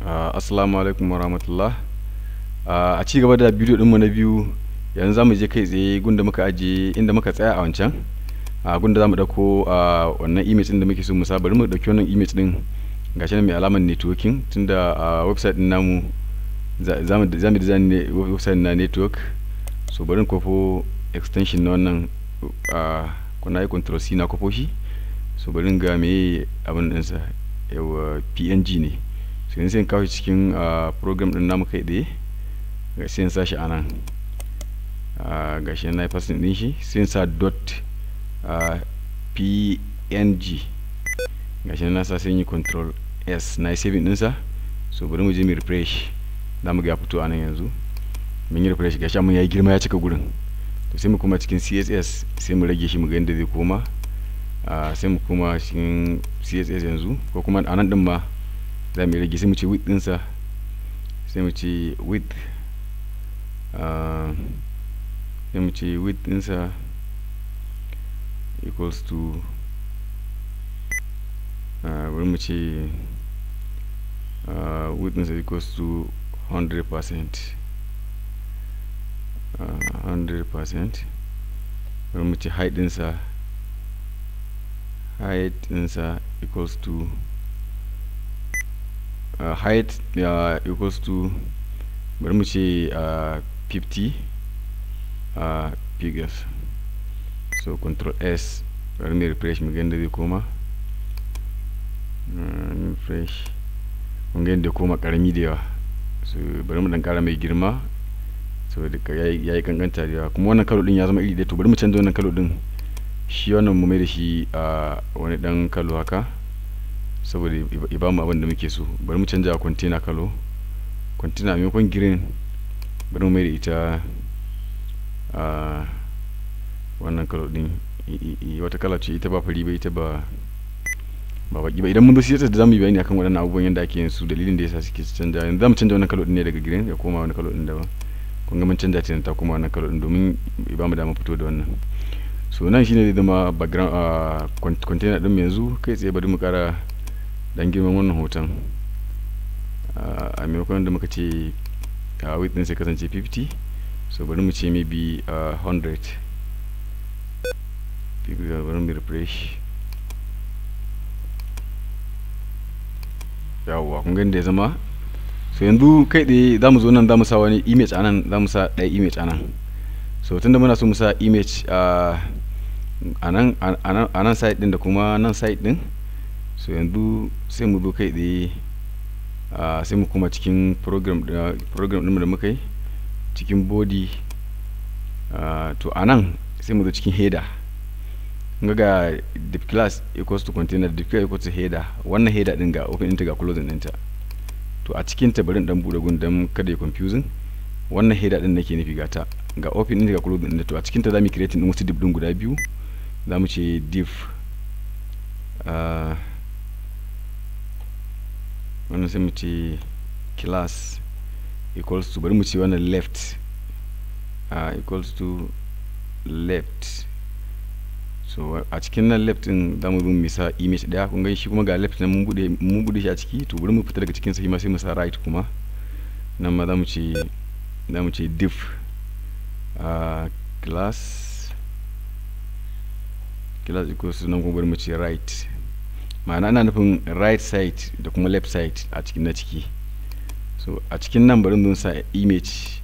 Uh, assalamu alaikum warahmatullah uh, ah, a ci gaba da bidiyo mu na biyu yanzu za mu je kai tsaye gunda muka aje inda muka tsaya a wancan uh, ah, gunda za mu ɗauko wannan image din da muke so mu bari mu dauki wannan image din gashi nan mai alamar networking tunda a website din namu za mu design ne website na network so bari kofo extension na wannan kuna yi control c na kofo shi so bari ga me abin ɗinsa yawa png ne sai sai kawo cikin ah, program din namu kai tsaye ga sai in sashi anan ah, ga shi na fasin din shi sai dot ah, png ga shi na sa sai yi control s na yi saving ɗinsa so bari mu je mu refresh za mu ga fito anan yanzu mun yi refresh ga sha mun ya girma ya cika gurin to sai mu kuma cikin css sai mu rage shi mu ga yadda zai koma sai mu kuma cikin css yanzu ko kuma anan nan din ma za mu rage sai mu ce width ɗinsa sai mu ce width ah, sai mu ce width equals to ah, bari mu ce ah, width equals to 100 percent 100 percent mu ce height ɗinsa height ɗinsa equals to uh, height uh, equals to bari mu ce uh, 50 uh, figures so control s bari mu refresh mu zai koma uh, refresh mun koma so bari mu dan kara mai girma so duka ya yi kankanta da yawa kuma wannan kalo din ya zama iri da to bari mu canza wannan kalo din shi wannan mu mai da shi a uh, wani dan kalo haka saboda ya ba mu abin da muke so bari mu canja kwantena kalo kwantena maimakon green bari mu mai da ita a wannan kalo din wata kala ce ita ba fari ba ita ba ba baki ba idan mun zo siyasa da zamu yi bayani akan waɗannan abubuwan yadda ake yin su dalilin da yasa suke canja yanzu zamu canja wannan kalo din ne daga green ya koma wani kalo din daban kun ga mun canja ta ta koma wannan kalo din domin ba mu dama fito da wannan so nan shine zai zama background container din yanzu kai tsaye bari mu kara dan girman wannan hoton a maimakon da muka ce a width din sai kasance 50 so bari mu ce maybe 100 bari mu refresh yawwa kun gani da ya zama so yanzu kai tsaye za mu zo nan za mu sa wani image anan za mu sa ɗaya image a nan so tunda muna so mu sa image a nan site din da kuma nan site din so yanzu sai mu zo kai tsaye sai mu kuma cikin program ɗin da muka yi cikin body to a nan sai mu zo cikin header nga ga deep class equals to container deep class equals to header wannan header din ga open ɗinta ga closing ɗinta to a cikin ta bari dan bude gundan kada ya confusing wannan header din nake nufi gata ga open ɗinta ga closing ɗinta to a cikin ta zamu creating din wasu deep din guda biyu zamu ce div uh, wannan sai mu ce class equals to bari mu ce wannan left uh, equals to left so a cikin nan left din za mu zo sa image daya kun gani shi kuma ga left nan mun bude mun bude shi a ciki to bari mu fita daga cikin sa ma sai mu sa right kuma nan ma za mu ce za mu ce diff uh, class class equals to nan kuma bari mu ce right ma'ana ana nufin right side da kuma left side a cikin na ciki so a cikin nan bari mun sa image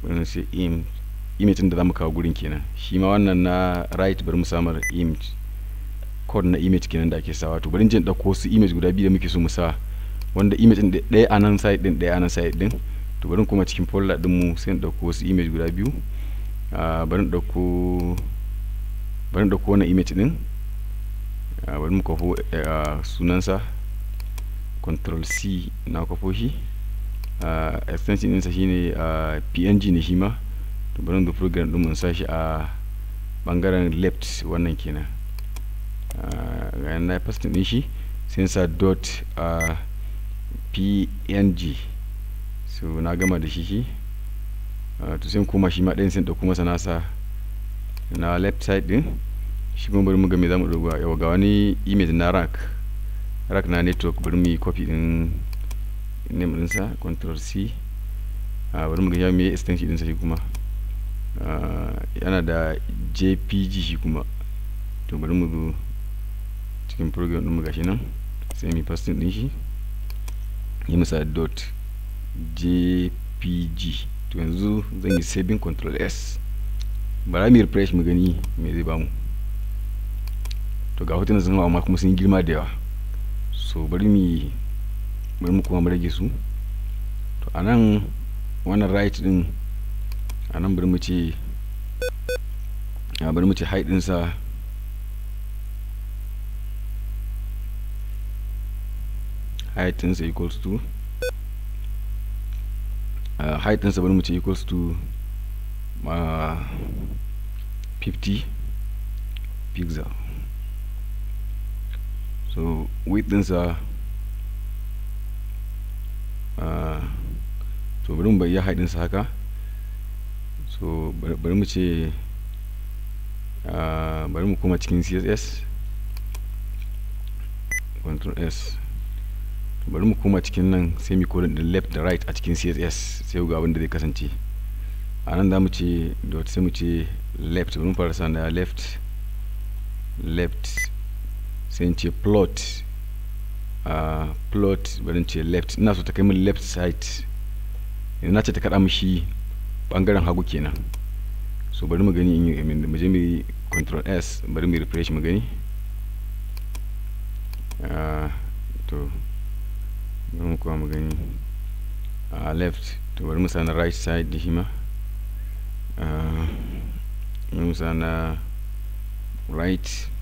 bari sai im image din da zamu kawo gurin kenan shi ma wannan na right bari mu samar image code na image kenan da ake sawa to bari jin dauko su image guda biyu da muke so mu sa wanda image din ɗaya a nan side din dai a nan side din to bari kuma cikin folder din mu sai dauko su image guda biyu ah, bari dauko bari dauko wannan image din bari mu kwafo eh, sunansa control c na kwafo shi extension ɗinsa shine png ne shi ma to bari da program ɗin mun sashi a bangaren left wannan kenan ga yana na fastin ɗin shi sensor dot png so na gama da shi shi to sai koma shi ma ɗin sai da kuma sanasa na left side ɗin shi mun bari mu ga me zamu dogo yawa ga wani email na rack rack na network bari mu yi copy din name din sa control c a ah, bari mu ga ya me extension din sa shi kuma ah, yana da jpg shi kuma to bari mu cikin program din mu gashi nan sai mu pasting din shi yi masa dot jpg to yanzu zan yi saving control s bara mu refresh mu gani me zai bamu to ga hotunan sun amma kuma sun yi girma da yawa so bari mu bari mu kuma mu rage su to a nan wannan right din a nan bari mu ce ya bari mu ce height ɗinsa height ɗinsa equals to uh, height ɗinsa bari mu ce equals to uh, 50 pixel so width ɗinsa ah, to bari mu bayyana height ɗinsa haka so bari mu ce ah, bari mu koma cikin css control s bari mu koma cikin nan semicolon mu da left da right a cikin css sai ga abin da zai kasance a nan za mu ce dot sai mu ce left bari mu fara sanda left left sai in ce plot uh, plot bari ce left ina so ta kai min left side ina na ce ta kada mishi bangaren hagu kenan so bari mu gani in yi mu je mu yi control s bari mu refresh mu gani to bari mu kuma mu gani a left to bari mu sa na right side da shi ma mu sa na right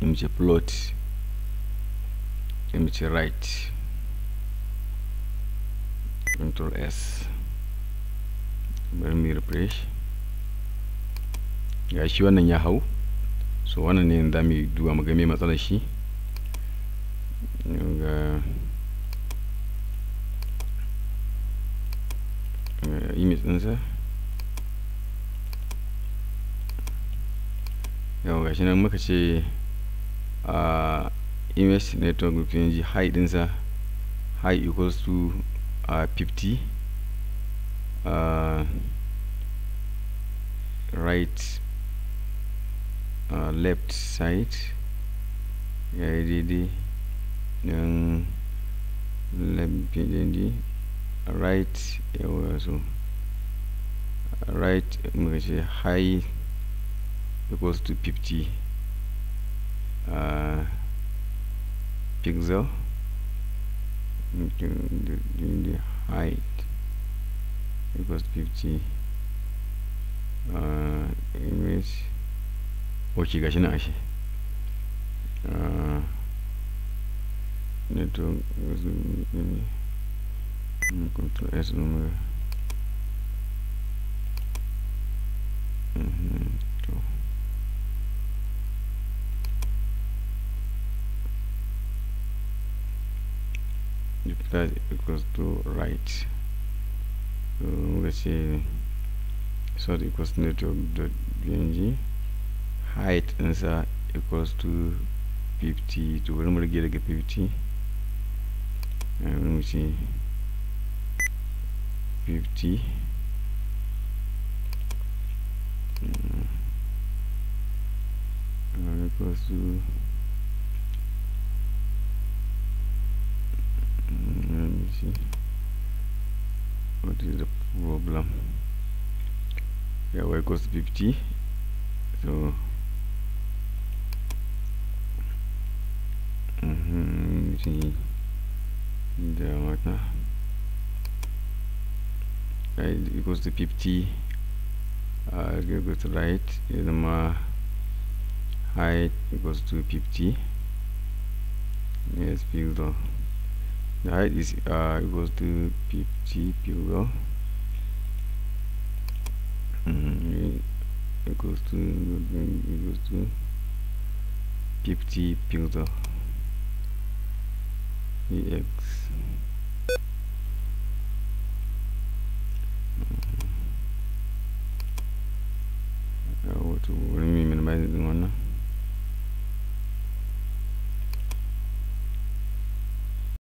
sai mu ce float sai mu ce right control s bari mu refresh ga shi wannan ya hau so wannan ne za mu duba mu ga me eh, matsalar shi ga image ɗinsa yau ga shi nan muka ce uh, image network group high height high height equals to uh, 50 uh, right uh, left side ya yi daidai don left daidai right yawa so uh, right muka high equals to 50 uh, pixel into the, the, the height equals 50 uh, image okay oh, gashi na ashe uh, network hmm, control s number mm -hmm. left as equals to right so let's say sort equals network dot png height answer equals to 50 to where get a 50 and let me see 50 hmm. uh, equals to is the problem yeah y to 50 so mm -hmm, the what now it goes to 50 uh, equals to right the height goes to 50 yes beautiful the height is uh, equals to 50 pupil mm, mm-hmm, equals to equals to 50 pupil ex I want to